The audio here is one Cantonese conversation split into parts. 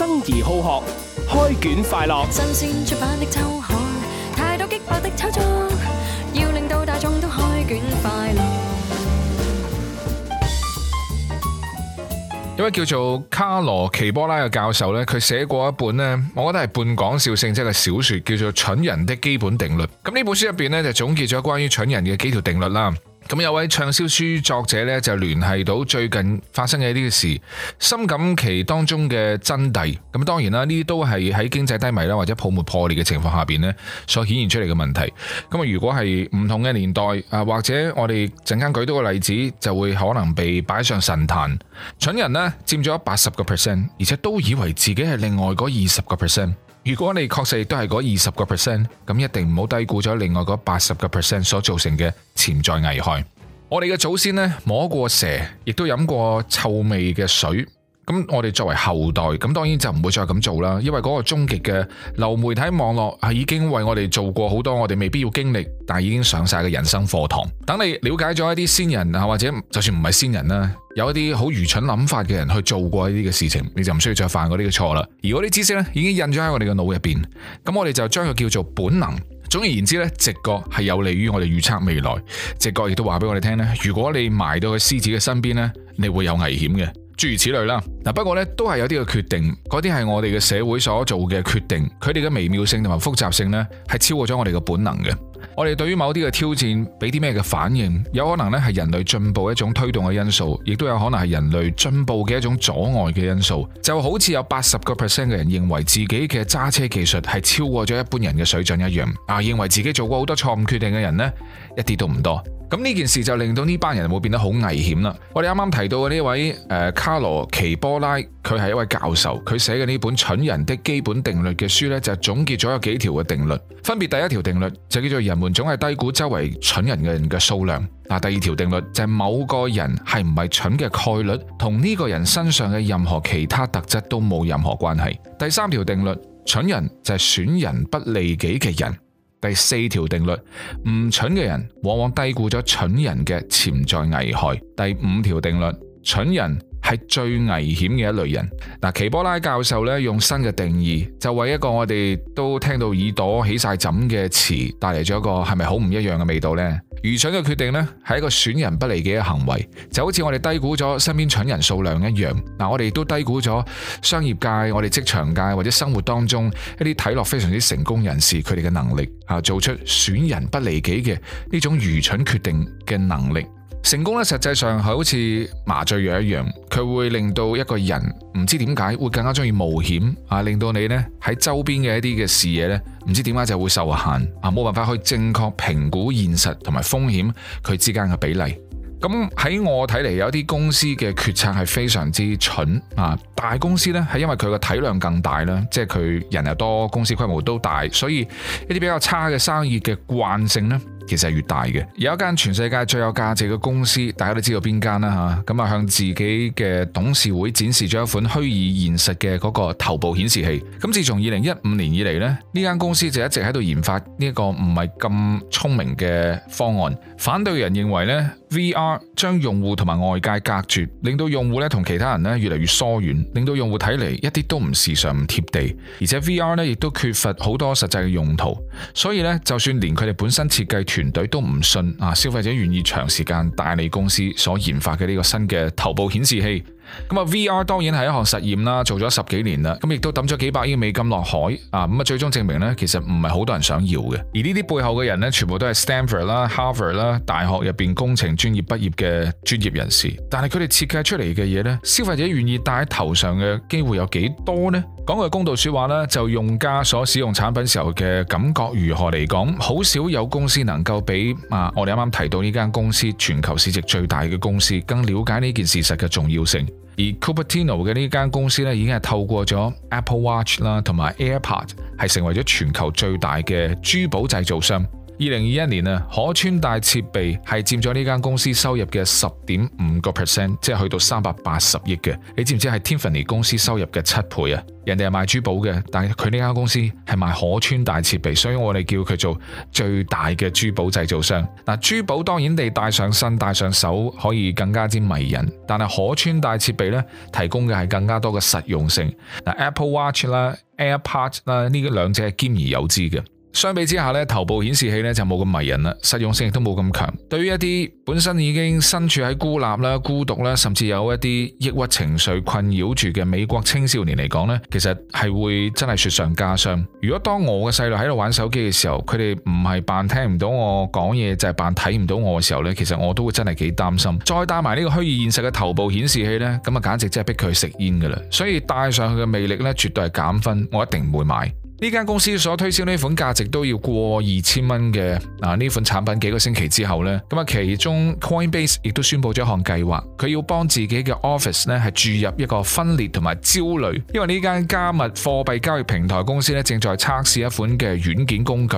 生而好學，開卷快樂。新鮮出版的周刊，太多激爆的炒作，要令到大眾都開卷快樂。一位叫做卡羅奇波拉嘅教授咧，佢寫過一本呢，我覺得係半講笑性質嘅小說，叫做《蠢人的基本定律》。咁呢本書入邊呢，就總結咗關於蠢人嘅幾條定律啦。咁有位暢銷書作者咧，就聯繫到最近發生嘅一啲嘅事，深感其當中嘅真諦。咁當然啦，呢啲都係喺經濟低迷啦，或者泡沫破裂嘅情況下邊呢，所顯現出嚟嘅問題。咁啊，如果係唔同嘅年代啊，或者我哋陣間舉到個例子，就會可能被擺上神壇。蠢人呢佔咗八十個 percent，而且都以為自己係另外嗰二十個 percent。如果你確實都係嗰二十個 percent，咁一定唔好低估咗另外嗰八十個 percent 所造成嘅潛在危害。我哋嘅祖先呢，摸過蛇，亦都飲過臭味嘅水。咁我哋作為後代，咁當然就唔會再咁做啦，因為嗰個終極嘅流媒體網絡係已經為我哋做過好多我哋未必要經歷，但係已經上晒嘅人生課堂。等你了解咗一啲先人啊，或者就算唔係先人啦，有一啲好愚蠢諗法嘅人去做過一啲嘅事情，你就唔需要再犯嗰啲嘅錯啦。而嗰啲知識咧，已經印咗喺我哋嘅腦入邊。咁我哋就將佢叫做本能。總而言之呢，直覺係有利於我哋預測未來。直覺亦都話俾我哋聽咧，如果你埋到個獅子嘅身邊呢，你會有危險嘅。諸如此類啦，嗱不過呢，都係有啲嘅決定，嗰啲係我哋嘅社會所做嘅決定，佢哋嘅微妙性同埋複雜性呢，係超過咗我哋嘅本能嘅。我哋對於某啲嘅挑戰，俾啲咩嘅反應，有可能呢，係人類進步一種推動嘅因素，亦都有可能係人類進步嘅一種阻礙嘅因素。就好似有八十個 percent 嘅人認為自己嘅揸車技術係超過咗一般人嘅水準一樣，啊認為自己做過好多錯誤決定嘅人呢，一啲都唔多。咁呢件事就令到呢班人會變得好危險啦。我哋啱啱提到嘅呢位誒、呃、卡羅奇波拉，佢係一位教授，佢寫嘅呢本《蠢人的基本定律》嘅書呢，就是、總結咗有幾條嘅定律。分別第一條定律就叫做人們總係低估周圍蠢人嘅人嘅數量。嗱，第二條定律就係、是、某個人係唔係蠢嘅概率，同呢個人身上嘅任何其他特質都冇任何關係。第三條定律，蠢人就係損人不利己嘅人。第四條定律，唔蠢嘅人往往低估咗蠢人嘅潛在危害。第五條定律，蠢人係最危險嘅一類人。嗱，奇波拉教授咧用新嘅定義，就為一,一個我哋都聽到耳朵起晒疹嘅詞，帶嚟咗一個係咪好唔一樣嘅味道呢？愚蠢嘅決定呢，係一個損人不利己嘅行為，就好似我哋低估咗身邊蠢人數量一樣。嗱，我哋亦都低估咗商業界、我哋職場界或者生活當中一啲睇落非常之成功人士佢哋嘅能力吓，做出損人不利己嘅呢種愚蠢決定嘅能力。成功呢，實際上係好似麻醉藥一樣，佢會令到一個人唔知點解會更加鍾意冒險啊！令到你呢喺周邊嘅一啲嘅視野呢，唔知點解就會受限啊！冇辦法去正確評估現實同埋風險佢之間嘅比例。咁喺我睇嚟，有啲公司嘅決策係非常之蠢啊！大公司呢，係因為佢個體量更大啦，即係佢人又多，公司規模都大，所以一啲比較差嘅生意嘅慣性呢。其實係越大嘅。有一間全世界最有價值嘅公司，大家都知道邊間啦吓，咁啊向自己嘅董事會展示咗一款虛擬現實嘅嗰個頭部顯示器。咁自從二零一五年以嚟咧，呢間公司就一直喺度研發呢一個唔係咁聰明嘅方案。反對人認為呢。VR 將用戶同埋外界隔絕，令到用戶咧同其他人咧越嚟越疏遠，令到用戶睇嚟一啲都唔時尚唔貼地，而且 VR 咧亦都缺乏好多實際嘅用途，所以咧就算連佢哋本身設計團隊都唔信啊，消費者願意長時間帶你公司所研發嘅呢個新嘅頭部顯示器。咁啊，V R 當然係一項實驗啦，做咗十幾年啦，咁亦都抌咗幾百億美金落海啊。咁啊，最終證明咧，其實唔係好多人想要嘅。而呢啲背後嘅人咧，全部都係 Stanford 啦、Harvard 啦大學入邊工程專業畢業嘅專業人士。但係佢哋設計出嚟嘅嘢咧，消費者願意戴喺頭上嘅機會有幾多呢？講句公道說話咧，就用家所使用產品時候嘅感覺如何嚟講，好少有公司能夠比啊我哋啱啱提到呢間公司全球市值最大嘅公司更了解呢件事實嘅重要性。而 Cupertino 嘅呢間公司咧，已經係透過咗 Apple Watch 啦，同埋 AirPods，係成為咗全球最大嘅珠寶製造商。二零二一年啊，可穿戴設備係佔咗呢間公司收入嘅十點五個 percent，即係去到三百八十億嘅。你知唔知係 Tiffany 公司收入嘅七倍啊？人哋係賣珠寶嘅，但係佢呢間公司係賣可穿戴設備，所以我哋叫佢做最大嘅珠寶製造商。嗱，珠寶當然地戴上身、戴上手可以更加之迷人，但係可穿戴設備咧提供嘅係更加多嘅實用性。嗱，Apple Watch 啦、AirPods 啦呢兩者係兼而有之嘅。相比之下呢，頭部顯示器呢就冇咁迷人啦，實用性亦都冇咁強。對於一啲本身已經身處喺孤立啦、孤獨啦，甚至有一啲抑鬱情緒困擾住嘅美國青少年嚟講呢，其實係會真係雪上加霜。如果當我嘅細路喺度玩手機嘅時候，佢哋唔係扮聽唔到我講嘢，就係扮睇唔到我嘅時候呢，其實我都會真係幾擔心。再戴埋呢個虛擬現實嘅頭部顯示器呢，咁啊簡直真係逼佢食煙噶啦。所以戴上去嘅魅力呢，絕對係減分，我一定唔會買。呢間公司所推銷呢款價值都要過二千蚊嘅啊，呢款產品幾個星期之後呢，咁啊其中 Coinbase 亦都宣佈咗一項計劃，佢要幫自己嘅 office 呢係注入一個分裂同埋焦慮，因為呢間加密貨幣交易平台公司呢，正在測試一款嘅軟件工具，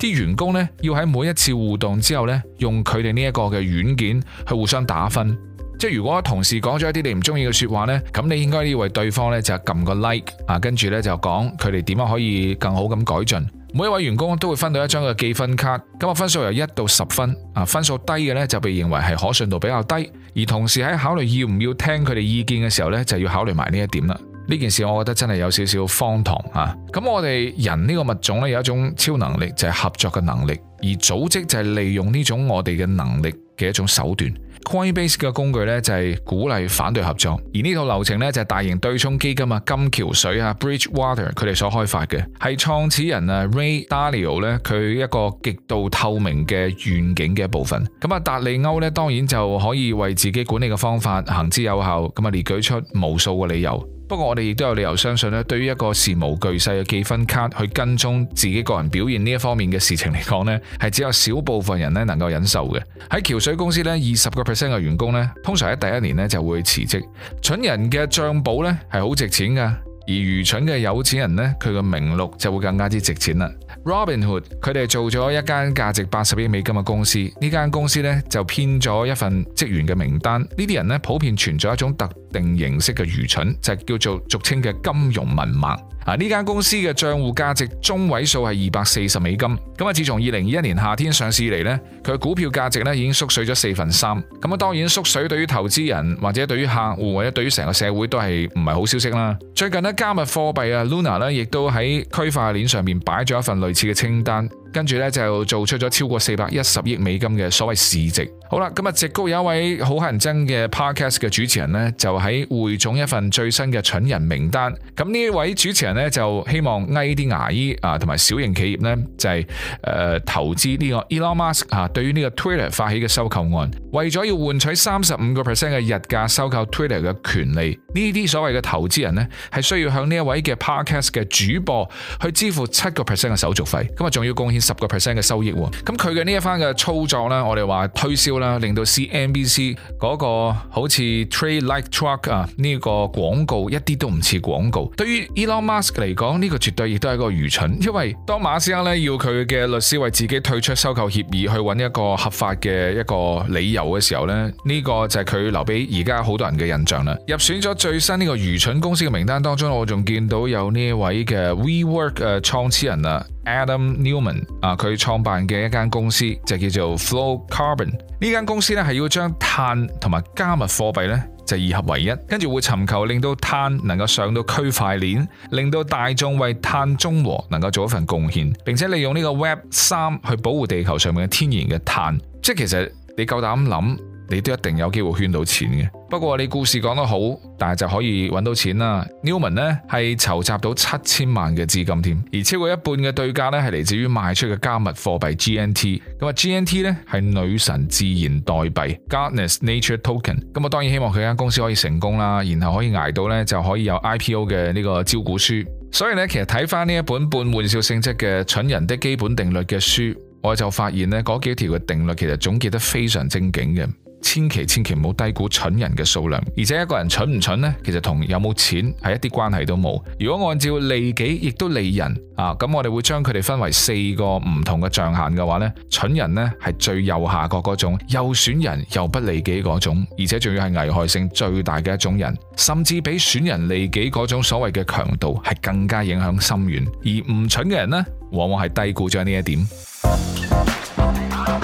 啲員工呢，要喺每一次互動之後呢，用佢哋呢一個嘅軟件去互相打分。即係如果同事講咗一啲你唔中意嘅說話呢，咁你應該以為對方呢就撳個 like 啊，跟住呢就講佢哋點樣可以更好咁改進。每一位員工都會分到一張嘅記分卡，咁啊分數由一到十分啊，分數低嘅呢就被認為係可信度比較低。而同事喺考慮要唔要聽佢哋意見嘅時候呢，就要考慮埋呢一點啦。呢件事我覺得真係有少少荒唐啊！咁我哋人呢個物種呢，有一種超能力就係、是、合作嘅能力，而組織就係利用呢種我哋嘅能力嘅一種手段。Coinbase 嘅工具咧就係鼓勵反對合作，而呢套流程咧就係大型對沖基金啊金橋水啊 Bridge Water 佢哋所開發嘅，係創始人啊 Ray Dalio 咧佢一個極度透明嘅願景嘅部分。咁啊達利歐咧當然就可以為自己管理嘅方法行之有效，咁啊列舉出無數個理由。不過我哋亦都有理由相信咧，對於一個事無巨細嘅記分卡去跟蹤自己個人表現呢一方面嘅事情嚟講呢係只有少部分人咧能夠忍受嘅。喺橋水公司呢，二十個 percent 嘅員工呢，通常喺第一年咧就會辭職。蠢人嘅帳簿呢係好值錢㗎，而愚蠢嘅有錢人呢，佢嘅名錄就會更加之值錢啦。Robinhood 佢哋做咗一間價值八十億美金嘅公司，呢間公司呢，就編咗一份職員嘅名單，呢啲人呢，普遍存在一種特定形式嘅愚蠢，就係、是、叫做俗稱嘅金融文盲。嗱，呢間公司嘅帳戶價值中位數係二百四十美金，咁啊，自從二零二一年夏天上市嚟呢佢嘅股票價值咧已經縮水咗四分三，咁啊，當然縮水對於投資人或者對於客戶或者對於成個社會都係唔係好消息啦。最近咧加密貨幣啊 Luna 呢，亦都喺區塊鏈上面擺咗一份類似嘅清單。跟住咧就做出咗超過四百一十億美金嘅所謂市值。好啦，咁啊矽谷有一位好認真嘅 podcast 嘅主持人咧，就喺匯總一份最新嘅蠢人名單。咁呢一位主持人咧就希望翳啲牙醫啊，同埋小型企業咧就係、是、誒、呃、投資呢個 Elon Musk 啊，對於呢個 Twitter 發起嘅收購案，為咗要換取三十五個 percent 嘅日價收購 Twitter 嘅權利，呢啲所謂嘅投資人咧係需要向呢一位嘅 podcast 嘅主播去支付七個 percent 嘅手續費，咁啊仲要貢獻。十個 percent 嘅收益，咁佢嘅呢一番嘅操作呢，我哋話推銷啦，令到 CNBC 嗰個好似 Trade Like Truck 啊呢個廣告一啲都唔似廣告。對於 Elon Musk 嚟講，呢個絕對亦都係一個愚蠢，因為當馬斯克呢要佢嘅律師為自己退出收購協議去揾一個合法嘅一個理由嘅時候呢，呢個就係佢留俾而家好多人嘅印象啦。入選咗最新呢個愚蠢公司嘅名單當中，我仲見到有呢位嘅 WeWork 嘅創始人啦、啊。Adam Neumann 啊，佢創辦嘅一間公司就叫做 Flow Carbon，呢間公司咧，係要將碳同埋加密貨幣咧就二合為一，跟住會尋求令到碳能夠上到區塊鏈，令到大眾為碳中和能夠做一份貢獻，並且利用呢個 Web 三去保護地球上面嘅天然嘅碳，即係其實你夠膽諗？你都一定有機會圈到錢嘅。不過你故事講得好，但係就可以揾到錢啦。Newman 呢係籌集到七千萬嘅資金添，而超過一半嘅對價呢係嚟自於賣出嘅加密貨幣 GNT。咁啊，GNT 呢係女神自然代幣 （Goddess Nature Token）。咁啊，當然希望佢間公司可以成功啦，然後可以捱到呢就可以有 IPO 嘅呢個招股書。所以呢，其實睇翻呢一本半玩笑性質嘅《蠢人的基本定律》嘅書，我就發現呢嗰幾條嘅定律其實總結得非常正經嘅。千祈千祈唔好低估蠢人嘅數量，而且一個人蠢唔蠢呢，其實同有冇錢係一啲關係都冇。如果按照利己亦都利人啊，咁我哋會將佢哋分為四個唔同嘅象限嘅話呢，蠢人呢，係最右下角嗰種，又損人又不利己嗰種，而且仲要係危害性最大嘅一種人，甚至比損人利己嗰種所謂嘅強盜，係更加影響深遠。而唔蠢嘅人呢，往往係低估咗呢一點。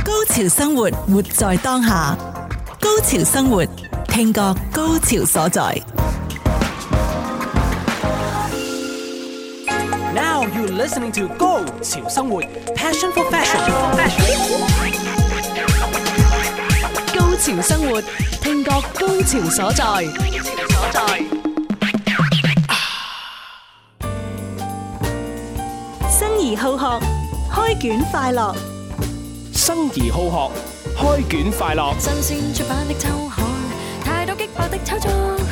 高潮生活，活在當下。高潮生活，聽覺高潮所在。Now you listening to 高潮生活，passion for fashion。高潮生活，聽覺高潮所在。高潮所在。生而好學，開卷快樂。生而好學。開卷快樂，新鮮出版的的秋刊，太多激爆的秋裝。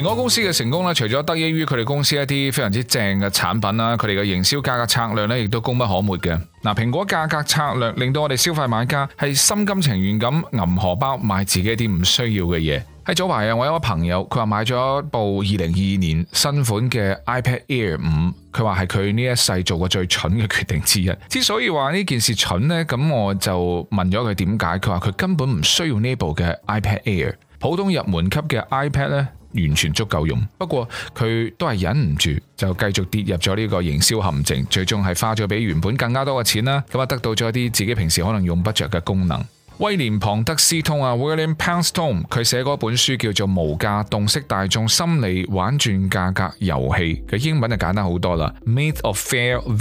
蘋果公司嘅成功咧，除咗得益於佢哋公司一啲非常之正嘅產品啦，佢哋嘅營銷價格策略咧，亦都功不可沒嘅。嗱，蘋果價格策略令到我哋消費買家係心甘情願咁揞荷包買自己一啲唔需要嘅嘢。喺早排啊，我有一個朋友，佢話買咗部二零二二年新款嘅 iPad Air 五，佢話係佢呢一世做過最蠢嘅決定之一。之所以話呢件事蠢呢，咁我就問咗佢點解，佢話佢根本唔需要呢部嘅 iPad Air，普通入門級嘅 iPad 咧。完全足夠用，不過佢都係忍唔住，就繼續跌入咗呢個營銷陷阱，最終係花咗比原本更加多嘅錢啦。咁啊，得到咗一啲自己平時可能用不着嘅功能。威廉龐德斯通啊，William Poundstone，佢寫嗰本書叫做《無價洞悉大眾心理玩轉價格遊戲》，佢英文就簡單好多啦，《Myth of Fair Value》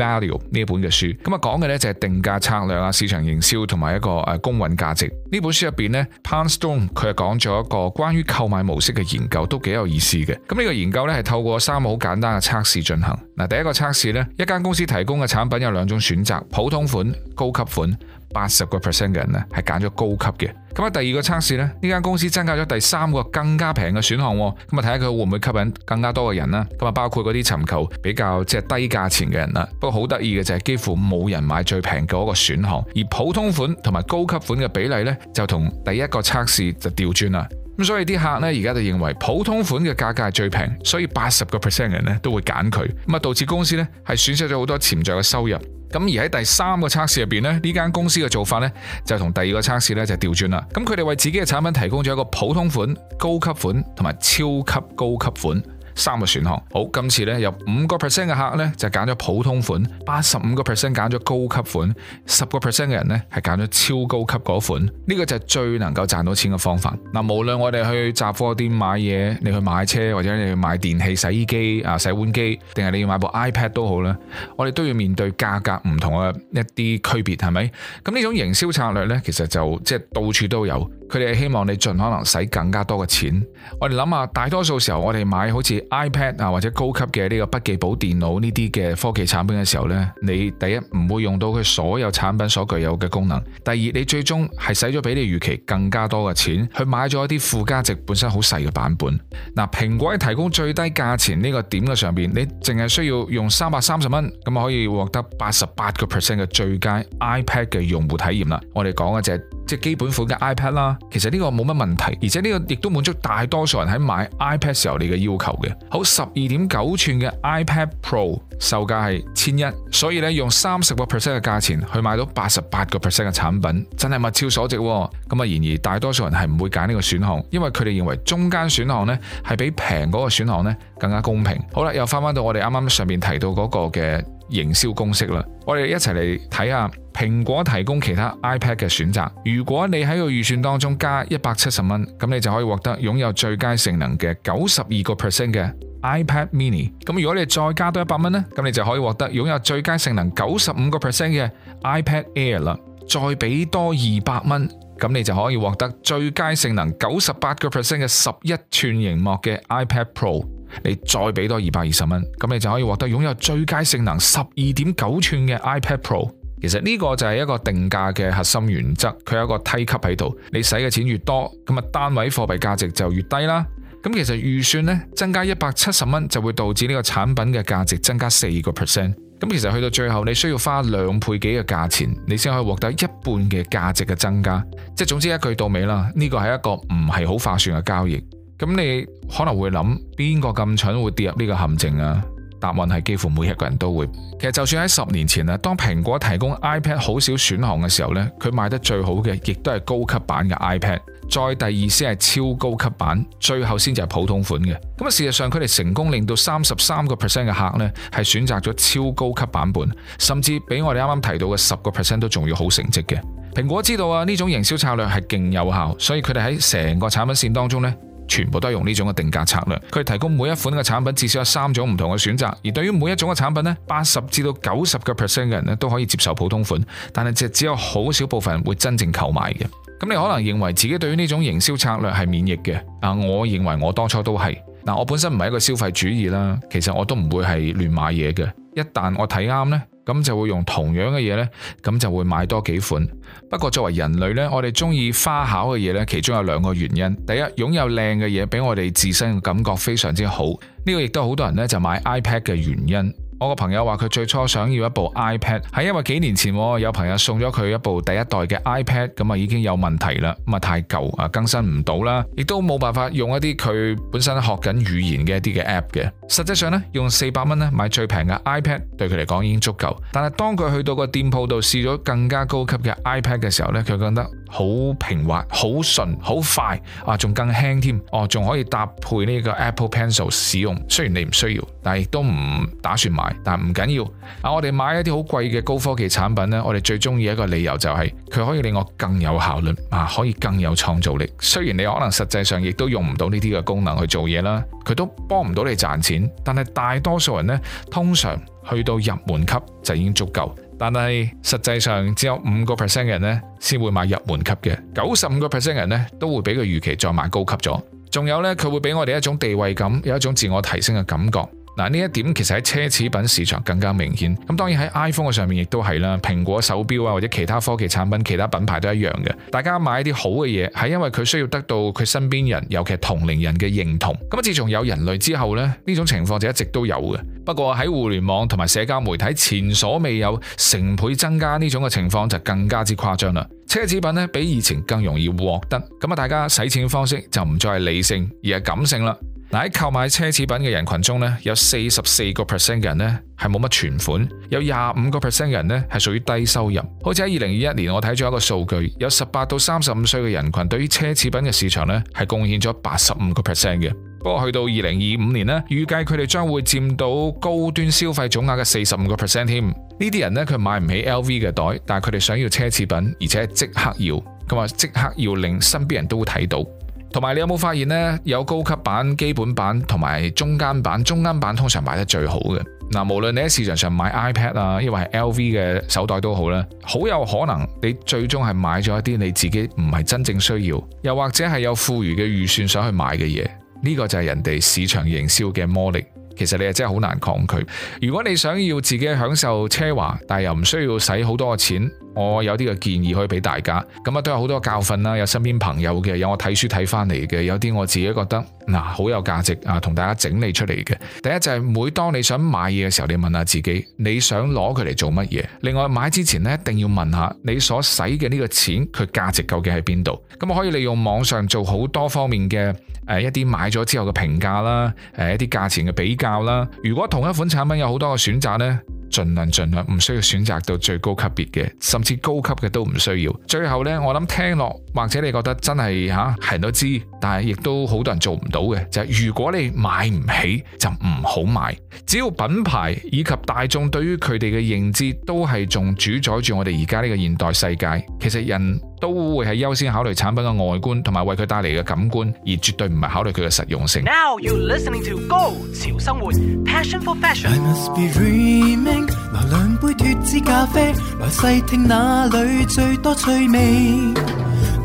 呢本嘅書，咁啊講嘅呢，就係定價策略啊、市場營銷同埋一個誒公允價值。呢本書入邊呢 Poundstone 佢係講咗一個關於購買模式嘅研究，都幾有意思嘅。咁、這、呢個研究呢，係透過三個好簡單嘅測試進行。嗱，第一個測試呢，一間公司提供嘅產品有兩種選擇，普通款、高級款，八十個 percent 嘅人呢，係揀咗高級嘅。咁啊，第二個測試呢，呢間公司增加咗第三個更加平嘅選項，咁啊睇下佢會唔會吸引更加多嘅人啦。咁啊，包括嗰啲尋求比較即係低價錢嘅人啦。不過好得意嘅就係幾乎冇人買最平嘅嗰個選項，而普通款同埋高級款嘅比例呢，就同第一個測試就調轉啦。咁所以啲客呢，而家就認為普通款嘅價格係最平，所以八十個 percent 人呢都會揀佢，咁啊導致公司呢，係損失咗好多潛在嘅收入。咁而喺第三個測試入面呢，呢間公司嘅做法呢，就同第二個測試呢，就調轉啦。咁佢哋為自己嘅產品提供咗一個普通款、高級款同埋超級高級款。三個選項，好，今次咧有五個 percent 嘅客呢，就揀咗普通款，八十五個 percent 揀咗高級款，十個 percent 嘅人呢，係揀咗超高級嗰款。呢個就係最能夠賺到錢嘅方法。嗱，無論我哋去雜貨店買嘢，你去買車或者你去買電器、洗衣機啊、洗碗機，定係你要買部 iPad 都好啦，我哋都要面對價格唔同嘅一啲區別，係咪？咁呢種營銷策略呢，其實就即係到處都有。佢哋希望你盡可能使更加多嘅錢。我哋諗下，大多數時候我哋買好似 iPad 啊或者高級嘅呢個筆記簿電腦呢啲嘅科技產品嘅時候呢，你第一唔會用到佢所有產品所具有嘅功能，第二你最終係使咗比你預期更加多嘅錢去買咗一啲附加值本身好細嘅版本。嗱，蘋果係提供最低價錢呢個點嘅上邊，你淨係需要用三百三十蚊咁啊，就可以獲得八十八個 percent 嘅最佳 iPad 嘅用戶體驗啦。我哋講一隻。即基本款嘅 iPad 啦，其實呢個冇乜問題，而且呢個亦都滿足大多數人喺買 iPad 時候你嘅要求嘅。好，十二點九吋嘅 iPad Pro 售價係千一，所以呢用三十個 percent 嘅價錢去買到八十八個 percent 嘅產品，真係物超所值。咁啊，然而大多數人係唔會揀呢個選項，因為佢哋認為中間選項呢係比平嗰個選項呢更加公平。好啦，又返返到我哋啱啱上面提到嗰個嘅。營銷公式啦，我哋一齊嚟睇下蘋果提供其他 iPad 嘅選擇。如果你喺個預算當中加一百七十蚊，咁你就可以獲得擁有最佳性能嘅九十二個 percent 嘅 iPad mini。咁如果你再加多一百蚊呢，咁你就可以獲得擁有最佳性能九十五個 percent 嘅 iPad Air 啦。再俾多二百蚊，咁你就可以獲得最佳性能九十八個 percent 嘅十一吋螢幕嘅 iPad Pro。你再俾多二百二十蚊，咁你就可以獲得擁有最佳性能十二點九寸嘅 iPad Pro。其實呢個就係一個定價嘅核心原則，佢有一個梯級喺度。你使嘅錢越多，咁啊單位貨幣價值就越低啦。咁其實預算呢，增加一百七十蚊就會導致呢個產品嘅價值增加四個 percent。咁其實去到最後你需要花兩倍幾嘅價錢，你先可以獲得一半嘅價值嘅增加。即係總之一句到尾啦，呢個係一個唔係好劃算嘅交易。咁你可能會諗，邊個咁蠢會跌入呢個陷阱啊？答案係幾乎每一個人都會。其實就算喺十年前咧，當蘋果提供 iPad 好少選項嘅時候呢，佢賣得最好嘅亦都係高級版嘅 iPad，再第二先係超高級版，最後先至係普通款嘅。咁啊，事實上佢哋成功令到三十三個 percent 嘅客呢，係選擇咗超高級版本，甚至比我哋啱啱提到嘅十個 percent 都仲要好成績嘅。蘋果知道啊，呢種營銷策略係勁有效，所以佢哋喺成個產品線當中呢。全部都係用呢種嘅定價策略，佢提供每一款嘅產品至少有三種唔同嘅選擇，而對於每一種嘅產品呢八十至到九十個 percent 嘅人呢都可以接受普通款，但係就只有好少部分人會真正購買嘅。咁你可能認為自己對於呢種營銷策略係免疫嘅，啊，我認為我當初都係，嗱，我本身唔係一個消費主義啦，其實我都唔會係亂買嘢嘅，一旦我睇啱呢咁就會用同樣嘅嘢呢咁就會買多幾款。不過作為人類咧，我哋鍾意花巧嘅嘢咧，其中有兩個原因。第一，擁有靚嘅嘢俾我哋自身嘅感覺非常之好。呢個亦都好多人咧就買 iPad 嘅原因。我個朋友話佢最初想要一部 iPad，係因為幾年前有朋友送咗佢一部第一代嘅 iPad，咁啊已經有問題啦，咁啊太舊啊更新唔到啦，亦都冇辦法用一啲佢本身學緊語言嘅一啲嘅 App 嘅。實際上呢，用四百蚊咧買最平嘅 iPad，對佢嚟講已經足夠。但係當佢去到個店鋪度試咗更加高級嘅 iPad 嘅時候呢，佢覺得好平滑、好順、好快，啊仲更輕添，哦、啊、仲可以搭配呢個 Apple Pencil 使用。雖然你唔需要，但亦都唔打算買。但唔緊要，啊！我哋買一啲好貴嘅高科技產品咧，我哋最中意一個理由就係佢可以令我更有效率，啊，可以更有創造力。雖然你可能實際上亦都用唔到呢啲嘅功能去做嘢啦，佢都幫唔到你賺錢。但係大多數人呢，通常去到入門級就已經足夠。但係實際上只有五個 percent 嘅人呢，先會買入門級嘅，九十五個 percent 嘅人呢，都會俾佢預期再買高級咗。仲有呢，佢會俾我哋一種地位感，有一種自我提升嘅感覺。嗱，呢一點其實喺奢侈品市場更加明顯。咁當然喺 iPhone 嘅上面亦都係啦，蘋果手錶啊或者其他科技產品，其他品牌都一樣嘅。大家買一啲好嘅嘢，係因為佢需要得到佢身邊人，尤其係同齡人嘅認同。咁自從有人類之後呢，呢種情況就一直都有嘅。不過喺互聯網同埋社交媒體前所未有成倍增加呢種嘅情況，就更加之誇張啦。奢侈品咧比以前更容易獲得，咁啊大家使錢方式就唔再係理性，而係感性啦。嗱，喺購買奢侈品嘅人群中咧，有四十四個 percent 嘅人咧係冇乜存款，有廿五個 percent 嘅人咧係屬於低收入。好似喺二零二一年，我睇咗一個數據，有十八到三十五歲嘅人群對於奢侈品嘅市場咧係貢獻咗八十五個 percent 嘅。不過去到二零二五年咧，預計佢哋將會佔到高端消費總額嘅四十五個 percent 添。呢啲人咧，佢買唔起 LV 嘅袋，但係佢哋想要奢侈品，而且即刻要，佢話即刻要令身邊人都會睇到。同埋，你有冇發現呢？有高級版、基本版同埋中間版，中間版通常買得最好嘅嗱。無論你喺市場上買 iPad 啊，抑或係 LV 嘅手袋都好啦，好有可能你最終係買咗一啲你自己唔係真正需要，又或者係有富餘嘅預算想去買嘅嘢。呢個就係人哋市場營銷嘅魔力，其實你係真係好難抗拒。如果你想要自己享受奢華，但係又唔需要使好多錢。我有啲嘅建議可以俾大家，咁啊都有好多教訓啦，有身邊朋友嘅，有我睇書睇翻嚟嘅，有啲我自己覺得嗱、嗯、好有價值啊，同大家整理出嚟嘅。第一就係、是、每當你想買嘢嘅時候，你問下自己你想攞佢嚟做乜嘢。另外買之前咧，一定要問下你所使嘅呢個錢佢價值究竟喺邊度。咁我可以利用網上做好多方面嘅誒一啲買咗之後嘅評價啦，誒一啲價錢嘅比較啦。如果同一款產品有好多嘅選擇呢。盡量盡量唔需要選擇到最高級別嘅，甚至高級嘅都唔需要。最後呢，我諗聽落，或者你覺得真係吓，人、啊、都知，但係亦都好多人做唔到嘅，就係、是、如果你買唔起，就唔好買。只要品牌以及大眾對於佢哋嘅認知都係仲主宰住我哋而家呢個現代世界。其實人。都會係優先考慮產品嘅外觀同埋為佢帶嚟嘅感官，而絕對唔係考慮佢嘅實用性。Now you listening to 高潮生活，Passion for fashion。I must be dreaming。來兩杯脱脂咖啡，來細聽哪裏最多趣味，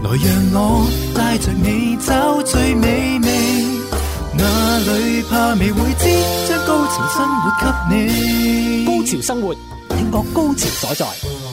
來讓我帶着你找最美味，哪裏怕未會知，將高潮生活給你。高潮生活，聽覺高潮所在。